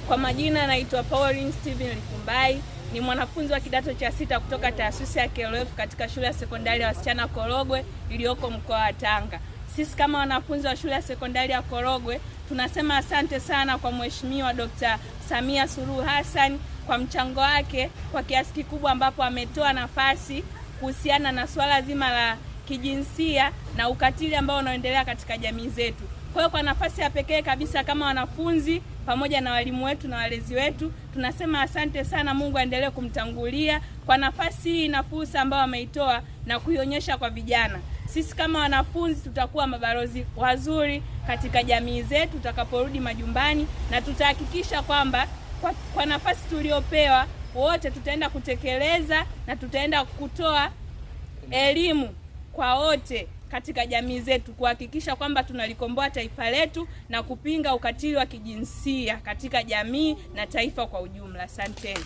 Kwa majina anaitwa Pauline Steven Likumbai, ni mwanafunzi wa kidato cha sita kutoka taasisi ya KLF katika shule ya sekondari ya wasichana Korogwe iliyoko mkoa wa Tanga. Sisi kama wanafunzi wa shule ya sekondari ya Korogwe tunasema asante sana kwa Mheshimiwa Dr. Samia Suluhu Hassan kwa mchango wake kwa kiasi kikubwa, ambapo ametoa nafasi kuhusiana na swala zima la kijinsia na ukatili ambao unaoendelea katika jamii zetu. Kwa hiyo kwa nafasi ya pekee kabisa kama wanafunzi pamoja na walimu wetu na walezi wetu. Tunasema asante sana, Mungu aendelee kumtangulia kwa nafasi hii na fursa ambayo ameitoa na kuionyesha kwa vijana. Sisi kama wanafunzi tutakuwa mabalozi wazuri katika jamii zetu tutakaporudi majumbani, na tutahakikisha kwamba kwa, kwa nafasi tuliyopewa wote tutaenda kutekeleza na tutaenda kutoa elimu kwa wote katika jamii zetu kuhakikisha kwamba tunalikomboa taifa letu na kupinga ukatili wa kijinsia katika jamii na taifa kwa ujumla. Asanteni.